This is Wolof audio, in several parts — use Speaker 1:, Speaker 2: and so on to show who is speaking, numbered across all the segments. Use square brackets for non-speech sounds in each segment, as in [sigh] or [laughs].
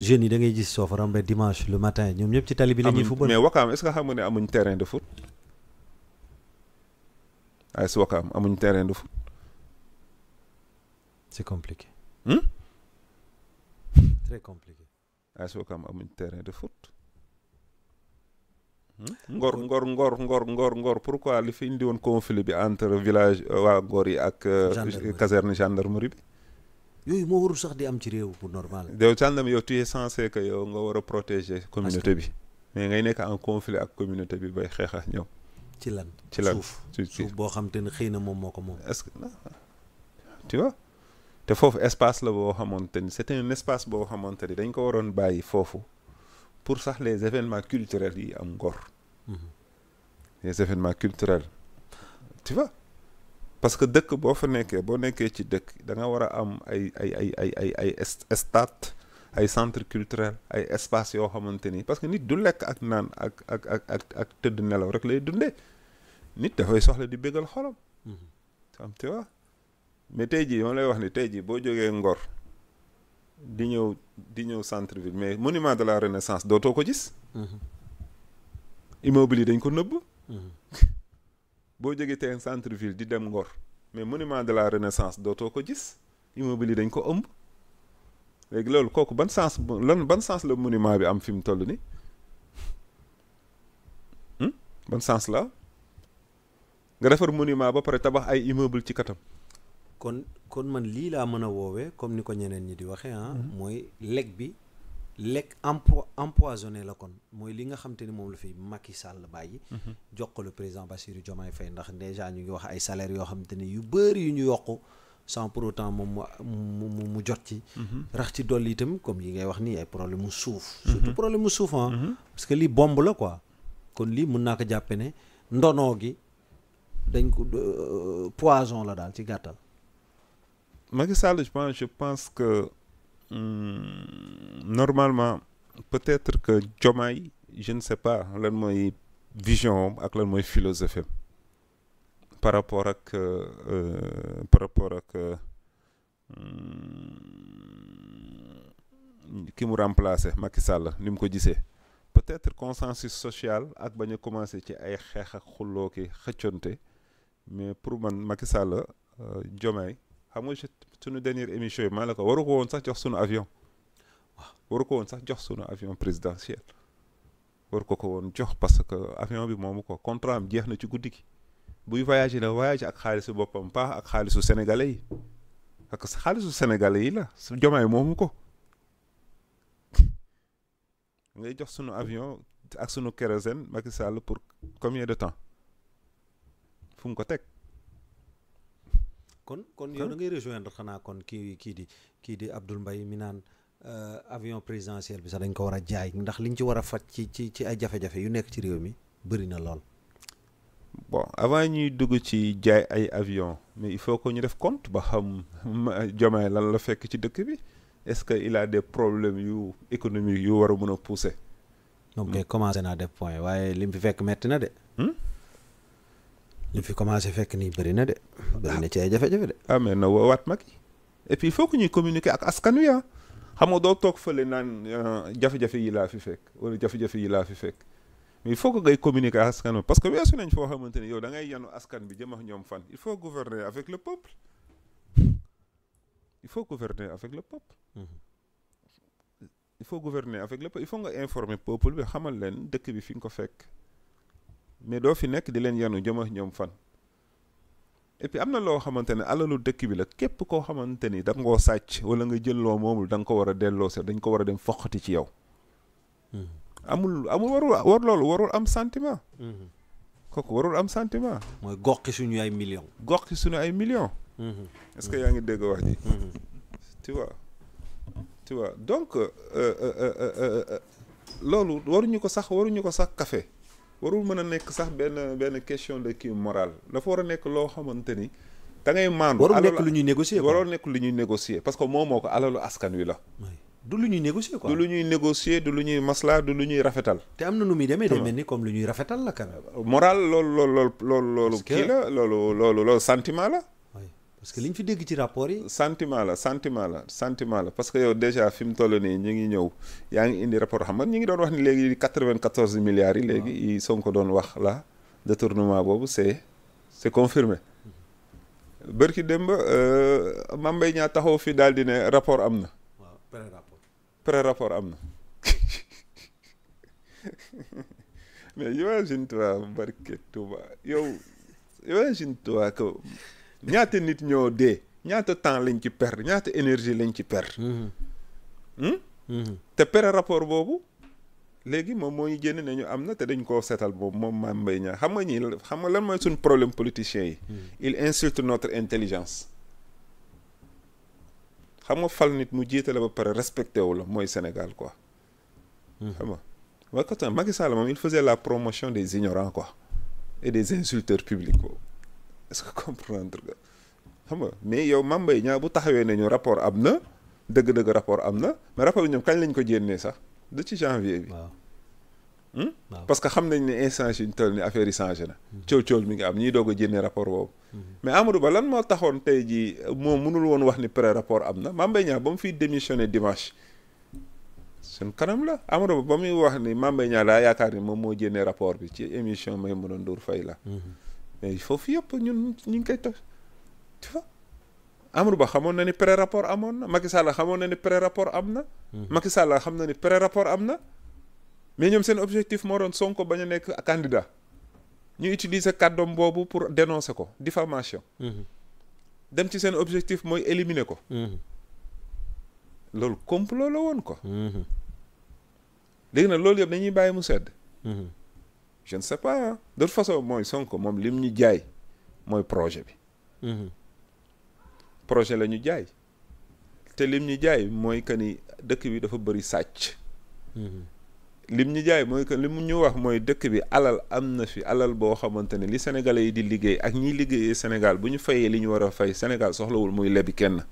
Speaker 1: jeunes yi da ngay gis soof rambe dimanche le matin ñoom ñëpp ci tali bi la ñuy football mais
Speaker 2: Wakaam est-ce que xam ne amuñ terrain de foot AS compliqué hmm? amuñ terrain de foot hmm? hmm? ngor ngor ngor ngor ngor ngor pourquoi li fi di woon conflit bi entre village euh, waa ngor yi ak euh, caserne gendarmerie bi
Speaker 1: yooyu moo warul sax di am ci réew bu normal.
Speaker 2: yow gendarme yow tu es censé yow nga war a protéger communauté bi mais ngay nekk en conflit ak communauté bi bay xeex ak ñoom. ci lan ci lan suuf suuf boo xam te ne xëy na moom moo ko moom. est-ce que tu te foofu espace la boo xamante ni c'est un espace boo xamante ni dañ ko waroon bàyyi foofu pour sax les événements culturels yi am ngor. Mhm. les événements culturels tu vois. parce que dëkk boo fa nekkee boo nekkee ci dëkk da nga war a am ay ay ay ay ay ay stade ay centre culturel ay espace yoo xamante ni parce que nit du lekk ak naan ak ak ak ak tëdd nelaw rek lay dundee nit dafay soxla di bégal xolam am tu vois mais tey jii ma lay wax ni tey jii boo jógee Ngor di ñëw di ñëw centre ville mais monument de la renaissance dootoo ko gis mhm. immobile yi dañ ko nëbb mhm. boo jógee teen centre ville di dem Ngor mais monument de la renaissance dootoo ko gis immeuble yi dañ ko ëmb léegi loolu kooku ban sens lan ban sens la monument bi am fi mu toll ni hmm? ban sens la nga defar monument ba pare tabax ay immeuble ci katam
Speaker 1: kon kon man lii laa mën a woowee comme ni ko ñeneen ñi di waxee ah mhm. mooy leg bi lekk empo empoisonné la kon mooy li nga xam te ni moom la fi Macky Sall bàyyi. Mhm. jox ko le président Bassirou Diomaye Faye ndax déjà ñu ngi wax ay salaires yoo xam te ni yu bëri yu ñu yokku sans pour autant moom mu mu jot ci. Mhm. rax ci dolli tam comme yi ngay wax nii ay problème mu suuf. Mhm. surtout problème mu suuf ah. que lii bomb la quoi. kon lii mën naa ko jàppe ne ndonoo gi dañ ko euh, poison la daal ci gàttal.
Speaker 2: Macky Sall je pense je pense que. Hmm, normalement peut-être que Diomaye je ne sais pas lan mooy vision ak lan mooy philosophie par rapport ak euh, euh, par rapport ak euh, hmm, ki mu remplacer Macky Sall ni mu ko gisee peut-être consensus social ak ba ñu commencer ci ay xeex ak xulloo ki xëccoonte mais pour man Macky Sall Diomaye xam nga suñu dernière émission yi maa la ko waru ko woon sax jox sunu avion waaw woon sax jox suñu avion présidentiel waru ko ko woon jox parce que avion bi moomu ko contrat am jeex na ci guddi gi buy voyagé la voyagé ak xaalisu boppam paax ak xaalisu sénégalais yi ak xaalisu sénégalais yi la su jomaay moomu ko [laughs] ngay jox sunu avion ak sunu kérosène Macky Sall pour combien de temps fu mu ko teg
Speaker 1: kon kon yow da ngay rejoindre xanaa kon kii kii di kii di Abdoul Mbaye mi naan euh, avion présidentiel bi sax dañ ko war a jaay ndax liñ ci war a faj ci ci ci ay jafe-jafe yu nekk ci réew mi bëri na lool.
Speaker 2: bon avant ñuy dugg ci jaay ay avion mais il faut que ñu def compte ba xam [laughs] Diomaye lan la fekk ci dëkk bi est-ce que il a des problème yu économiques yu war a mën a pousser. donc hmm?
Speaker 1: commencé naa def point waaye lim fi fekk metti na de.
Speaker 2: Hmm? li fi commencé fekk nii bëri na de. bëri na ci jafe-jafe de. ah na woowaat mag yi et il faut que ñuy communiquer ak askan wi ah xam doo toog fële naan euh, jafe-jafe yi fi fekk wala jafe-jafe yi laa fi fekk mais il faut ngay communiquer ak parce que nañ foo xamante ni yow da ngay yanu askan bi jëm ak ñoom fan il faut gouverner avec le peuple il faut gouverner avec le peuple.
Speaker 1: Mm-hmm.
Speaker 2: il faut gouverner avec le peuple il faut nga informer peuple bi xamal leen dëkk bi fi nga ko fekk. mais doo fi nekk di leen yanu jëm ak ñoom fan et am na loo xamante ne alalu dëkk bi la képp koo xamante ni da ngoo sàcc wala nga jël loo moomul da nga ko war a delloo sa dañ ko war a dem foqati ci yow mm-hmm. amul amul warul war loolu warul am sentiment mm-hmm. kooku warul am sentiment mooy goqi suñu ay million goqi suñu ay million mm-hmm. est-ce que yaa ngi dégg wax ji tu vois donc euh, euh, euh, loolu waruñu ko sax waruñu ko sax kafe warul mën a nekk sax benn benn question de kii morale dafa war a nekk loo xamante ni da ngay maandu warul nekk lu ñuy négocier lu ñuy négocier parce que moom moo ko alalu askan wi la du lu ñuy négocier quoi du lu ñuy négocier du lu ñuy masla du lu ñuy rafetal te am na nu muy demee day mel
Speaker 1: ni comme lu ñuy rafetal
Speaker 2: la kan moral loolu loolu loolu loolu loolu kii la loolu loolu loolu sentiment la parce que li ñu fi dégg ci rapport yi. sentiment la sentiment la sentiment la parce que yow déjà fi mu toll nii ñu ngi ñëw yaa ngi indi rapport xam nga ñu ngi doon wax ni léegi quatre-vingt-quatorze milliards yi. léegi yi Sonko doon wax la détournement boobu c'est c'est confirmé. bërki démb euh, Mame Mbaye ñaa taxaw fi daal di ne rapport am na. waaw pré rapport. rapport am na [laughs] mais imagine toi barke yow ñaata nit ñoo dee ñaata temps lañ ci per ñaata énergie lañ ci per mm-hmm. hmm? mm-hmm. te pere rapport boobu léegi moom mooy ñu génn ñu am na te dañ koo seetal boobu moom maam Mbaye Niang xam nga ñi xam lan mooy suñu problème politicien yi. Mm-hmm. il insulte notre intelligence. xam nga fal nit mu jiite la ba pare respecté wu la mooy Sénégal quoi. xam nga waaye Macky Sall moom il faisait la promotion des ignorants quoi et des insulteurs publics est que comprendre nga xam nga mais yow Mame Mbaye Niang bu taxawee ne ñu rapport am na dëgg-dëgg rapport am na mais rapport bi ñoom kañ lañ ko jénnee sax da ci janvier bi. Hmm? parce que xam nañ ne instance yi ñu toll ni affaire yi changé na. Hmm. coow coow mi ngi am ñuy doog a jénnee rapport boobu. Hmm. mais Amadou Ba lan moo taxoon tey jii moom munul woon wax ni pré rapport am na Mame Mbaye Niang ba mu fiy démissionné dimanche. seen kanam la Amadou Ba ba muy wax ni Mame Mbaye Niang laa yaakaar ni moom moo jénnee rapport bi ci émission Maïmouna Ndour Faye la. mais foofu yëpp ñun ñu ngi koy toj tu vois Amadou Ba xamoon na ni pré rapport amoon na Macky xamoon na ni pré rapport am na. Hmm. Macky xam na ni pré rapport am na. mais ñoom seen objectif moo doon Sonko bañ a nekk candidat ñu utiliser kàddoom boobu pour dénoncer ko diffamation hmm. dem ci seen objectif mooy éliminer ko. Hmm. loolu complot la woon ko. léegi nag loolu yëpp dañuy bàyyi mu sedd. je ne pas hein. de façon mooy sonk moom lim ñu jaay mooy projet bi. Mhm. projet la ñu jaay. te lim ñu jaay mooy que ni dëkk bi dafa bëri sàcc. Mhm. lim ñu jaay mooy que li mu ñu wax mooy dëkk bi alal am na fi alal boo xamante ne li Sénégalais yi di liggéey ak ñiy liggéeyee Sénégal bu ñu fayee li ñu war a fay Sénégal soxlawul muy lebi kenn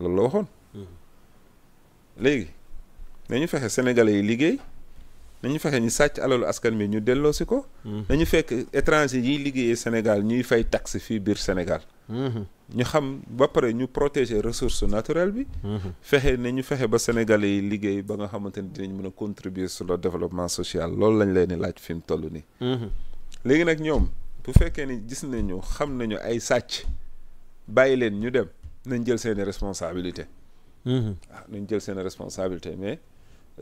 Speaker 2: loolu la waxoon. Mhm. léegi nañu fexe Sénégalais yi liggéey. nañu fexe ñu sàcc alalu askan bi ñu delloo si ko mhm. nañu fekk étranger yiy liggéeyee Sénégal ñuy fay taxe fii biir Sénégal mhm. ñu xam ba pare ñu protéger ressource naturel bi mhm. fexe ne ñu fexe ba sénégalais yi liggéey ba nga xamante ni dinañ mën a contribuer sur le développement social loolu lañ leen di laaj fi tollu toll nii léegi nag ñoom bu fekkee ni gis nañu xam nañu ay sàcc bàyyi leen ñu dem nañ jël seeni responsabilité waaw nañ jël seeni responsabilité mais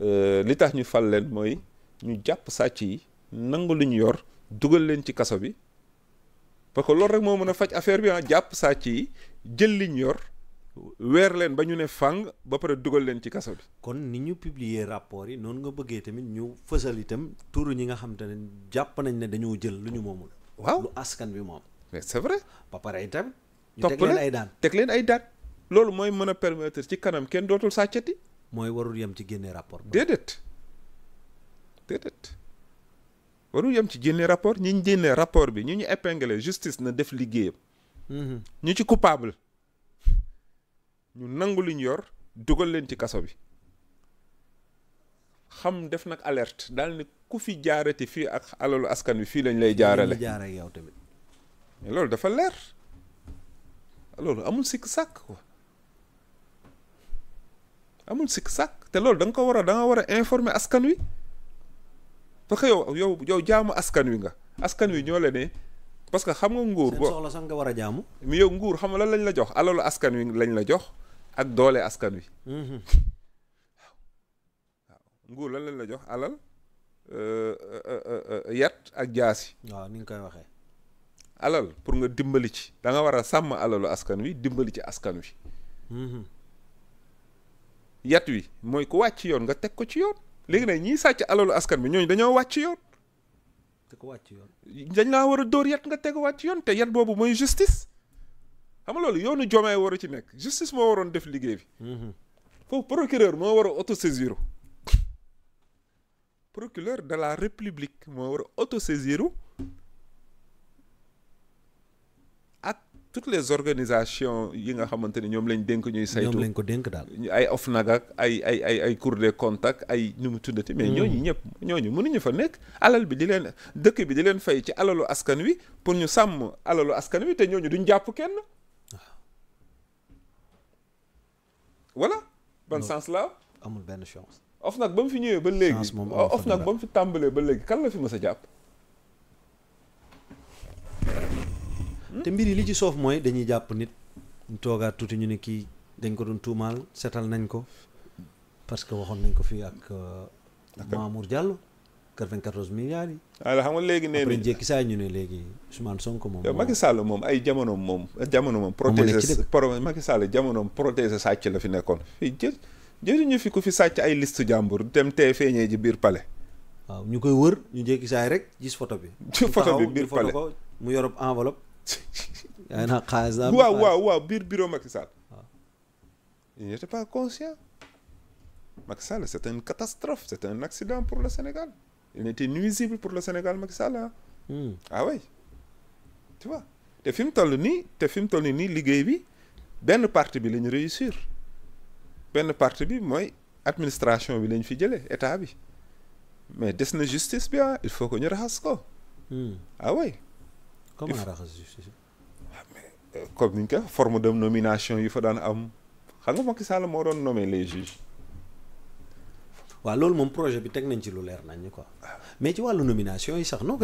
Speaker 2: euh, li tax ñu fal mooy ñu jàpp sàcc yi nangu lu ñu yor dugal leen ci kaso bi parce que loolu rek moo mën a faj affaire bi ah jàpp sàcc yi jël li ñu yor weer leen ba ñu ne fàng ba pare dugal leen ci kaso bi.
Speaker 1: kon ni ñu publier rapport yi noonu nga bëggee tamit ñu fësal itam tuuru ñi nga xam te ne
Speaker 2: jàpp nañ ne dañoo jël lu ñu moomul. waaw lu askan bi moom. mais c'est vrai. ba pare itam. topp teg leen ay daan teg leen ay daan. loolu mooy mën a permettre ci kanam kenn dootul sàccati. mooy warul yem ci génne rapport. déedéet. déedéet warul yem ci génne rapport ñi ñu rapport bi ñu ñu épinglé justice na def liggéeyam. Mm-hmm. ñu ci coupable ñu nangu li yor dugal leen ci kaso bi xam def nag alerte dal ne ku fi jaarati fii ak alalu askan wi fii lañ lay jaarale
Speaker 1: jaarale yow tamit
Speaker 2: loolu dafa leer loolu amul sikk sàkk amul sikk sàkk te loolu danga ko war a da nga war a informer askan wi parce que yow yow yow jaamu askan wi nga askan wi ñoo la ne parce que xam nga nguur boo soxla sax nga war a jàmm mais yow nguur xam nga lan lañ la jox alalu askan wi lañ la jox ak doole askan wi mm-hmm. nguur lan lañ la jox alal euh, euh, euh, yat ak jaasi waaw ni nga koy waxee alal pour nga dimbali ci da nga war a sàmm alalu askan wi dimbali ci askan wi mm-hmm. yat wi mooy ku wàcc yoon nga teg ko ci yoon léegi nag ñiy sàcc alalu askan bi ñooñu dañoo wàcc yoon. wàcc yoon. dañ laa war a dóor yat nga teg wàcc yoon te yat boobu mooy justice. xam nga loolu yoonu Diomaye waru ci nekk justice moo waroon def liggéey bi. Mhm. foofu procureur moo war auto autosaisiru procureur de la république moo war a autosaisiru toutes les organisations yi nga xamante ni ñoom lañ dénk ñuy saytu ñoom lañ ko dénk daal ay OFNAC ak ay ay ay ay cour des ay ñu mu tuddati mais hmm. ñooñu ñëpp ñooñu mënuñu fa nekk alal bi di leen dëkk bi di leen fay ci alalu askan wi pour ñu sàmm alalu askan wi te ñooñu duñ jàpp kenn voilà ban sens la amul benn chance OFNAC ba mu fi ñëwee ba léegi OFNAC ba mu fi tàmbalee ba léegi kan la fi mës a jàpp
Speaker 1: te mbir yi li ci soof mooy dañuy jàpp nit ñu toogaat tuuti ñu ne kii dañ ko doon tuumaal setal nañ ko parce que waxoon nañ ko fii ak euh, Mamour Diallo 94 milliards yi. alors xam nga léegi nee nañ jékki saa ñu ne léegi Ousmane Sonko moom. Macky
Speaker 2: Sall moom ay jamono moom jamono moom. protéger pro Macky Sall jamonoom protéger sàcc la fi nekkoon. fii jë ñu fi ku fi sàcc ay liste jàmbur dem te feeñee ji biir pale waaw ñu koy wër ñu
Speaker 1: jékki saay rek gis
Speaker 2: photo bi. ci photo bi biir mu yorob enveloppe. yaa waa naan waaw waaw waaw biir bureau Macky Sall. waaw ah. il n'était conscient. Macky Sall c'est une catastrophe c'est un accident pour le Sénégal i était nuisible pour le Sénégal Macky Sall hmm. ah. te fi mu toll nii te fi mu toll nii liggéey bi benn parti bi lañu ñu réussir benn parti bi mooy administration bi lañu ñu fi jëlee état bi mais des na justice bi ah il faut que ñu raxas ko. Hmm. ah
Speaker 1: comment raxas justice
Speaker 2: ah, mais euh, comme ni ñu ko forme de nomination yi fa daan am xam nga Macky Sall moo doon nommer les juges. waaw loolu moom projet bi teg nañ ci lu leer nañ quoi ah. mais ci wàllu nomination yi sax non.